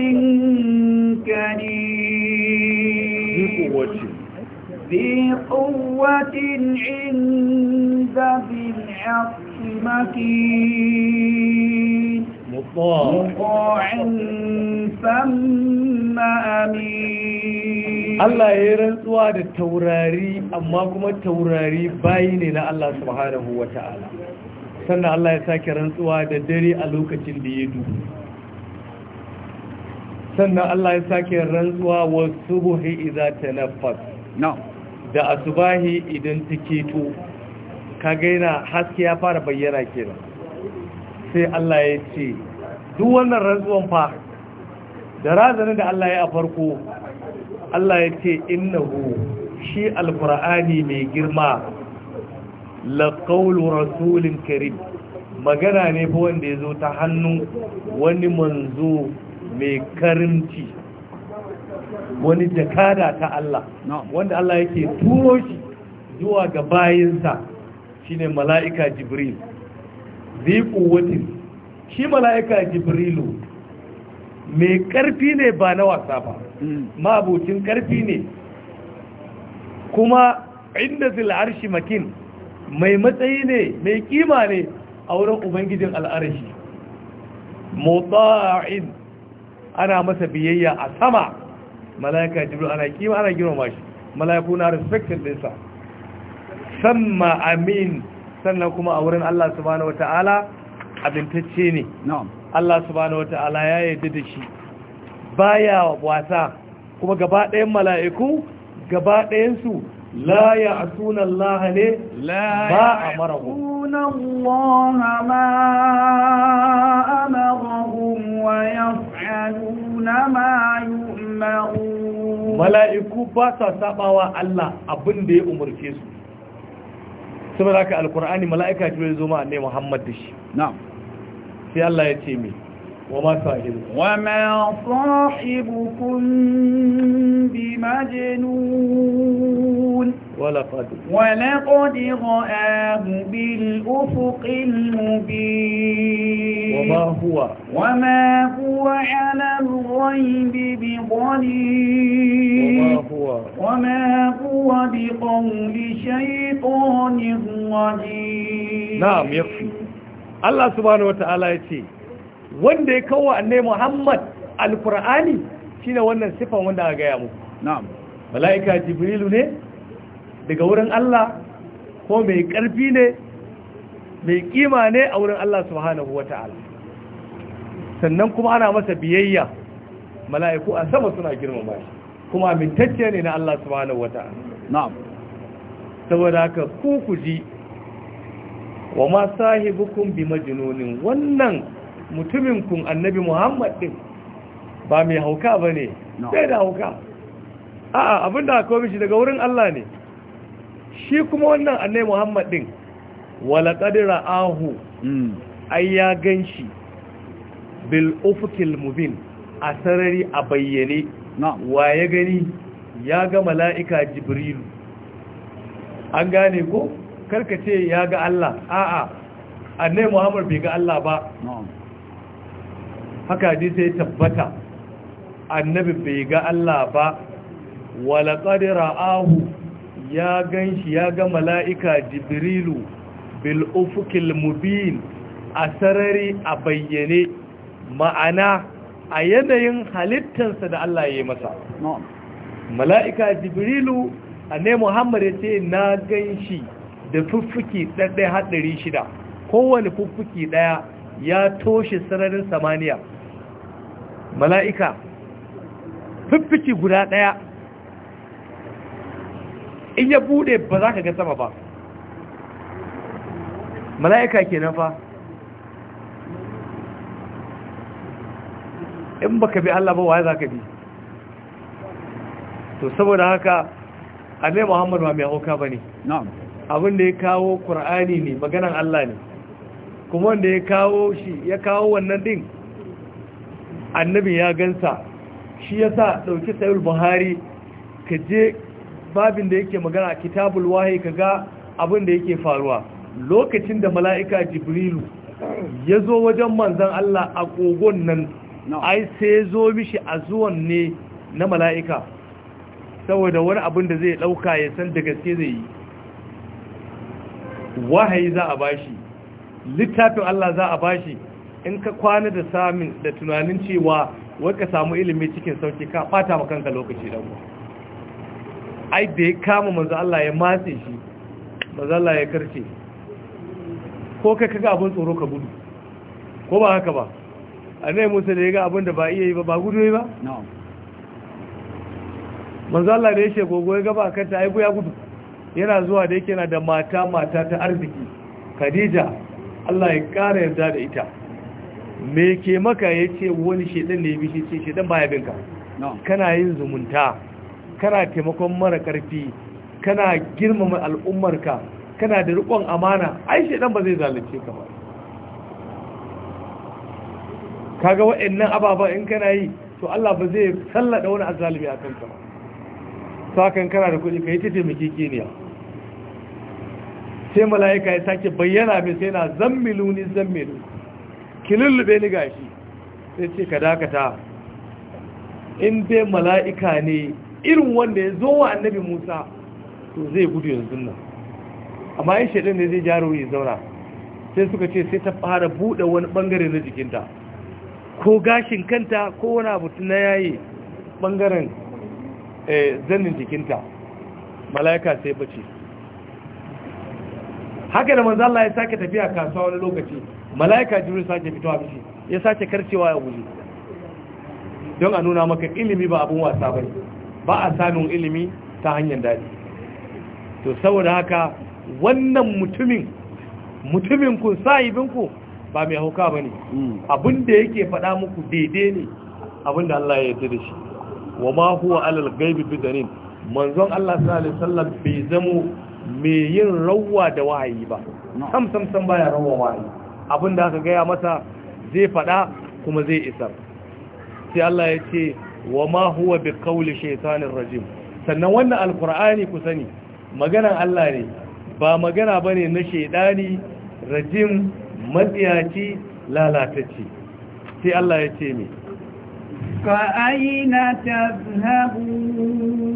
gani, كريم ذي قوة Allah ya yi rantsuwa da taurari amma kuma taurari bayi ne na Allah subhanahu wa ta'ala. sannan Allah ya sake rantsuwa da dare a lokacin da ya duhu sannan Allah ya sake rantsuwa wa subuhi idza tanaffas da asubahi idan tiketo ka gaina haske ya fara bayyana kenan sai Allah ya ce duk wannan rantsuwan fa da razanin da Allah ya a farko Allah ya ce innahu shi alqur'ani mai girma laƙaulu rasulun karim magana ne fa wanda ya zo ta hannu wani manzo mai karimci wani jakada ta Allah wanda Allah yake turo shi zuwa ga bayinsa shine mala'ika jibril zai kuwatin shi mala'ika jibrilu mai karfi ne ba na wasa ba hmm. mabucin karfi ne kuma inda zil arshi makin mai matsayi ne mai kima ne a wurin ubangijin al'arashi mutsa'in ana masa biyayya a sama mala'ika jibril ana kima ana girma shi mala'iku na respected ɗinsa. samma amin sannan kuma a wurin Allah subhanahu wata'ala abintacce ne Allah subhanahu wata'ala ya yi da shi baya wasa kuma gaba ɗayan mala'iku gaba ɗayansu لا يعصون الله لا يعصون الله ما أمرهم ويفعلون ما يؤمرون ملائكو باسا سبوا الله أبن دي أمر كيسو سمع ذاك القرآن ملائكة جميل زماني محمد دش نعم في الله يتيمي وما صاحبكم وما صاحبكم بمجنون ولقد ولقد رآه بالأفق المبين وما هو وما هو على الغيب بضليل وما هو وما هو بقول شيطان رجيم نعم يكفي الله سبحانه وتعالى يتي wanda ya kawo annai muhammad alkur'ani shine wannan sifan wanda aka gaya mu mala'ika jibrilu ne daga wurin allah ko mai karfi ne mai kima ne a wurin allah subhanahu wa sannan kuma ana masa biyayya mala'iku a sama suna girmama shi kuma amintacce ne na allah subhanahu wa na'am saboda haka ku ku ji wa ma sahibukum bi majnunin wannan mutumin kun annabi muhammad din ba mai hauka ba ne sai da hauka a'a abinda aka kawo daga wurin Allah ne shi kuma wannan annabi muhammad ɗin, wala qadira ahu mm. ai ya ganshi bil ufukil mubin a sarari a bayyane wa ya gani ya ga mala'ika jibrilu an gane ko karkace ya ga Allah a'a annai muhammad bai ga Allah ba haka hadisi sai tabbata annabi bai ga Allah ba wala qadira ahu ya ganshi ya ga mala'ika jibrilu bil ufukil mubin a sarari a bayyane ma'ana a yanayin halittarsa da Allah ya yi masa mala'ika jibrilu annai muhammad ya ce na ganshi da fuffuki ɗaɗɗai haɗari shida kowane fuffuki ɗaya ya toshe sararin samaniya mala'ika fiffiki guda ɗaya in ya bude ba za ka ga sama ba mala'ika kenan fa in ba ka bi Allah ba waye za ka bi to saboda haka annai muhammadu ba mai auka ba ne abin da ya kawo ƙur'ani ne maganan Allah ne kuma wanda ya kawo shi ya kawo wannan din annabin ya gansa shi ya sa ɗauki sayul buhari ka je babin da yake magana kitabul wahayi ka ga abin da yake faruwa lokacin da mala'ika jibrilu ya zo wajen manzan Allah a ƙogon nan ai sai zo mishi a zuwan ne na mala'ika saboda wani abin da zai ɗauka ya san da gaske zai yi wahayi za a bashi littafin Allah za a bashi in ka kwana da samun da tunanin cewa wai ka samu ilimi cikin sauki ka bata ma kanka lokaci dan ai da ya kama manzo Allah ya matse shi manzo Allah ya karce ko kai kaga abin tsoro ka gudu ko ba haka ba annabi Musa da ya ga abin da ba iya yi ba ba gudu ba manzo Allah da ya ce gogo ya gaba kanta ai ya gudu yana zuwa da yake yana da mata mata ta arziki Khadija Allah ya ƙara yarda da ita me ke maka ya ce wani shedan ne bishi ce shedan baya binka kana yin zumunta kana taimakon mara karfi kana girmama al'ummarka kana da rikon amana ai shedan ba zai zalunce ka ba kaga waɗannan ababa in kana yi to Allah ba zai sallada wani azalimi akan ka ba sakan kana da kuɗi ka yi ta taimaki keniya sai mala'ika ya sake bayyana mai sai na zammiluni zammiluni ki lullube ni gashi sai ce ka dakata in dai mala'ika ne irin wanda ya zo wa annabi musa to zai gudu yanzu nan amma yin shaɗin ne zai jaro ya zauna sai suka ce sai ta fara buɗe wani ɓangare na jikinta ko gashin kanta ko wani abu na yayi ɓangaren eh, zannin jikinta mala'ika sai bace haka da Allah ya sake tafiya kasuwa wani lokaci mala'ika jibril sake fitowa bishi ya sake karcewa ya guje don a nuna maka ilimi ba abun wasa bane ba a samun ilimi ta hanyar daɗi. to saboda haka wannan mutumin mutumin ku sahibin ku ba mai hauka bane hmm. Abun da yake faɗa muku daidai ne Abun da Allah ya yarda da shi wa ma huwa alal ghaibi bidanin manzon Allah sallallahu alaihi wasallam bai zamo mai yin rawwa da wahayi ba sam sam sam baya rawwa wahayi abin da aka gaya masa zai faɗa kuma zai isar sai Allah ya ce wa ma huwa bi qawli shaitanin rajim sannan wannan Alkur'ani ku sani maganan Allah ne ba magana ba ne na shaidani rajim matsiyaci lalatacci sai Allah ya ce me fa aina tadhhabun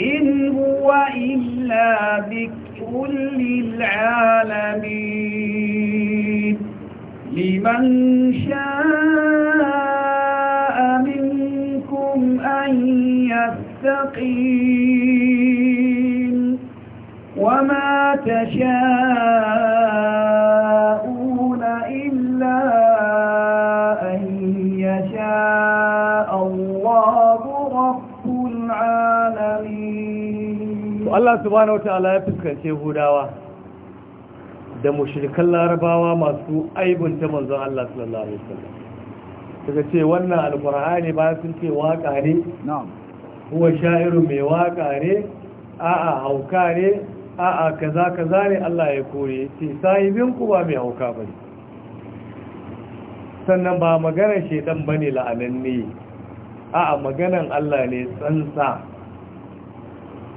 إن هو إلا ذكر للعالمين لمن شاء منكم أن يستقيم وما تشاءون Allah subhanahu wata'ala ya fuskance hudawa da mushrikan larabawa masu ta manzon Allah sallallahu alaihi wasallam daga ce wannan alqur'ani ba sun ce waka ne na'am huwa sha'iru mai waka ne a'a hauka ne a'a kaza kaza ne Allah ya kore ce sahibin ku ba mai hauka bane sannan ba maganar shedan bane la'ananne a'a maganan Allah ne tsansa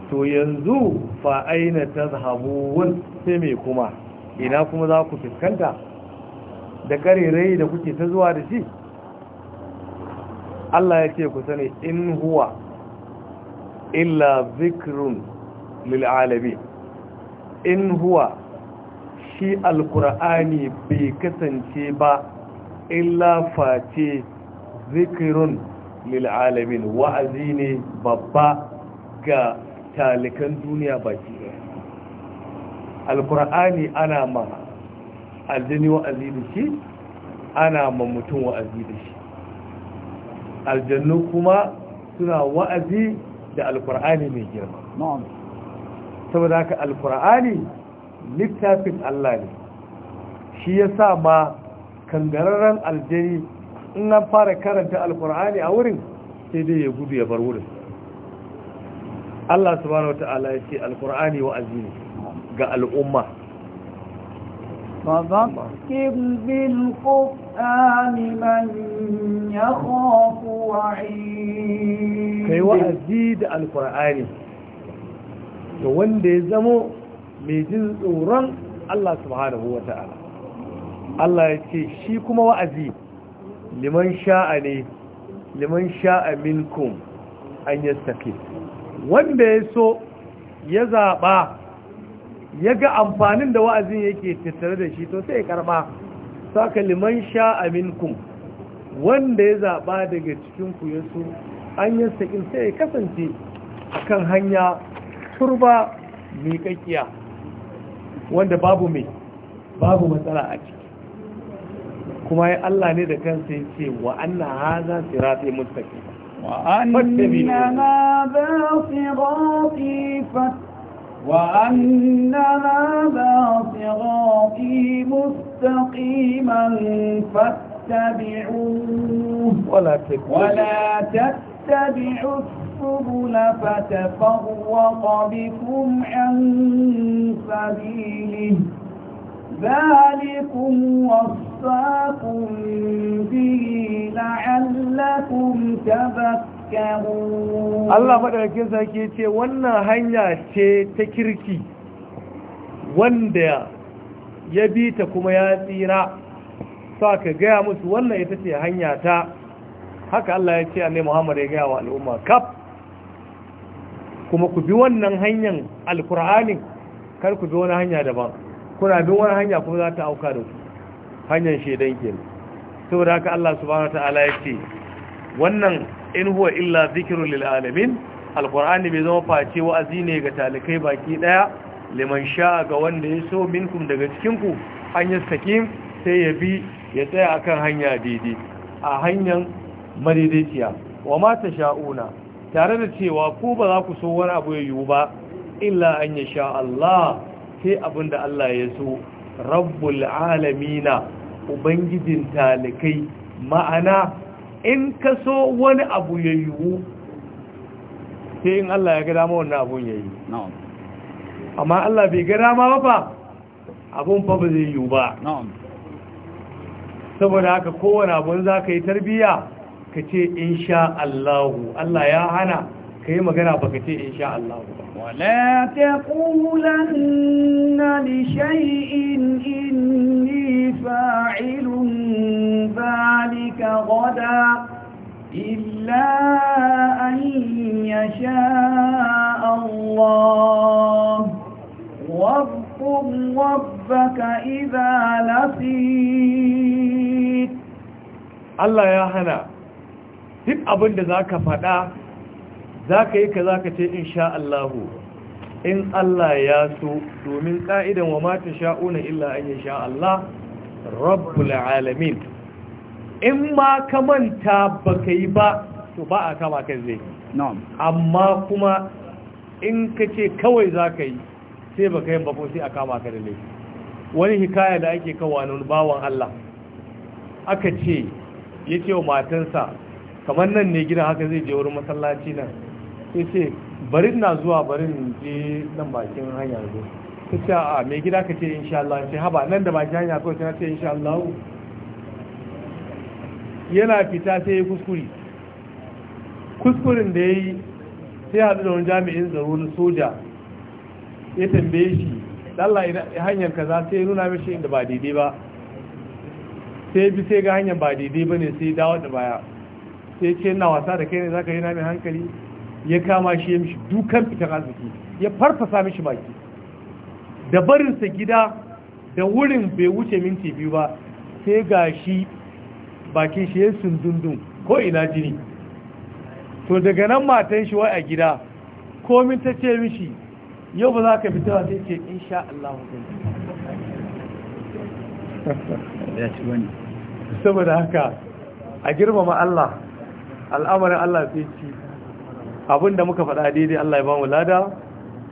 to yanzu fa aina zahabuwar sai me kuma ina kuma za ku fiskanta? da karerai da kuke ta zuwa da shi Allah ya ce ku sani in huwa illa zikrun lil alamin in huwa shi alkur'ani bai kasance ba illa face zikirun alamin wa'azi ne babba ga talikan duniya baki ɗaya alkur'ani ana ma aljini wa'azi da shi ana ma mutum wa'azi da shi aljannu kuma suna wa'azi da alkur'ani mai girma saboda haka alkur'ani littafin Allah ne shi ya sa ma kangararren aljini in an fara karanta alkur'ani a wurin sai dai ya gudu ya bar wurin Allah subhanahu wata'ala ya ce alkur'ani wa azini ga al'umma فذكر بالقرآن من da وعيد كي وأزيد القرآن jin tsoron زمو ميجن أوران الله سبحانه وتعالى الله يتكي شيكم وأزيد لمن شاء لمن شاء منكم أن يستقيم wanda ya so ya zaɓa ya ga amfanin da wa'azin yake tattare da shi to sai ya karɓa sa kaliman sha aminkum wanda ya zaɓa daga cikinku ya so an yi sakin sai ya kasance a kan hanya turba miƙaƙiya wanda babu mai babu matsala a ciki kuma ya Allah ne da kansa ya ce wa anna haza sirati mustaqim وأن هذا صراطي وأنما وأن صراطي مستقيما فاتبعوه ولا, ولا تتبعوا السبل فتفرق بكم عن سبيله ذلكم وصاكم به لعلكم Allah madaukakin sarki ce wannan hanya ce ta kirki wanda ya bi ta kuma ya tsira sa ka gaya musu wannan ita ce hanya ta haka Allah ya ce annai Muhammad ya gaya wa al'umma kaf kuma ku bi wannan hanyar Alkur'ani kar ku bi wani hanya daban kuna bi wani hanya kuma za ta auka da ku hanyar shaidan ke saboda haka Allah subhanahu ta'ala ya ce wannan in huwa illa zikirun lil'alamin alkur'ani bai zama face wa'azi ne ga talikai baki daya liman sha'a ga wanda ya so minkum daga cikinku hanyar sakim sai ya bi ya tsaya akan hanya daidai a hanyar madaidaiciya wa mata sha'una tare da cewa ku ba za ku so wani abu ya yiwu ba illa an ya sha Allah sai abin da Allah ya so rabbul alamina ubangijin talikai ma'ana in ka so wani abu ya yiwu sai in Allah ya gada ma wani abun ya yi amma Allah bai gada ma wafa abun fa ba zai yiwu ba saboda haka kowane abun za ka yi tarbiya ka ce in Allahu Allah ya hana ka yi magana ba ka ce in sha Allahu ba ولا تقولن لشيء إني فاعل ذلك غدا إلا أن يشاء الله واذكر ربك إذا نسيت الله يا هنا duk abin da za ka faɗa za ka yi ka za ka ce in sha Allahu in Allah ya so domin ƙa'idan wa mata sha'una illa an yi sha Allah rabbul alamin in ma ka manta ba ka yi ba to ba a kama kan zai amma kuma in ka ce kawai za ka yi sai ba ka yi ba ko sai a kama ka da laifi wani hikaya da ake kawo wani bawan Allah aka ce ya ce wa matansa kamar nan ne gidan haka zai je wurin masallaci nan sai ce barin na zuwa barin je nan bakin hanyar zo ta ce a mai gida ka ce insha Allah ce haba nan da bakin hanyar kawai ta ce insha Allah yana fita sai ya kuskuri kuskurin da ya yi sai haɗu da wani jami'in tsaro na soja ya tambaye shi Allah hanyar kaza sai ya nuna mashi inda ba daidai ba sai bi sai ga hanyar ba daidai ba ne sai dawo da baya sai ce na wasa da kai ne za ka yi na mai hankali ya kama shi ya mishi dukan fitan arziki ya farfasa mishi baki da barinsa gida da wurin bai wuce minti biyu ba sai ga shi bakin shi ya sundundun ko ina jini to daga nan matan shi wai a gida komin ta ce mishi yau ba za ka fita ba sai ce insha Allah saboda haka a girmama Allah al'amarin Allah sai ci abinda muka faɗa daidai Allah ya bamu lada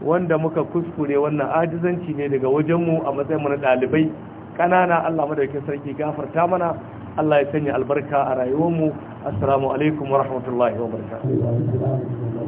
wanda muka kuskure wannan ajizanci ne daga wajenmu a matsayin mu na ɗalibai ƙanana Allah madaukakin sarki gafarta mana Allah ya sanya albarka a rayuwarmu assalamu alaikum wa rahmatullahi wa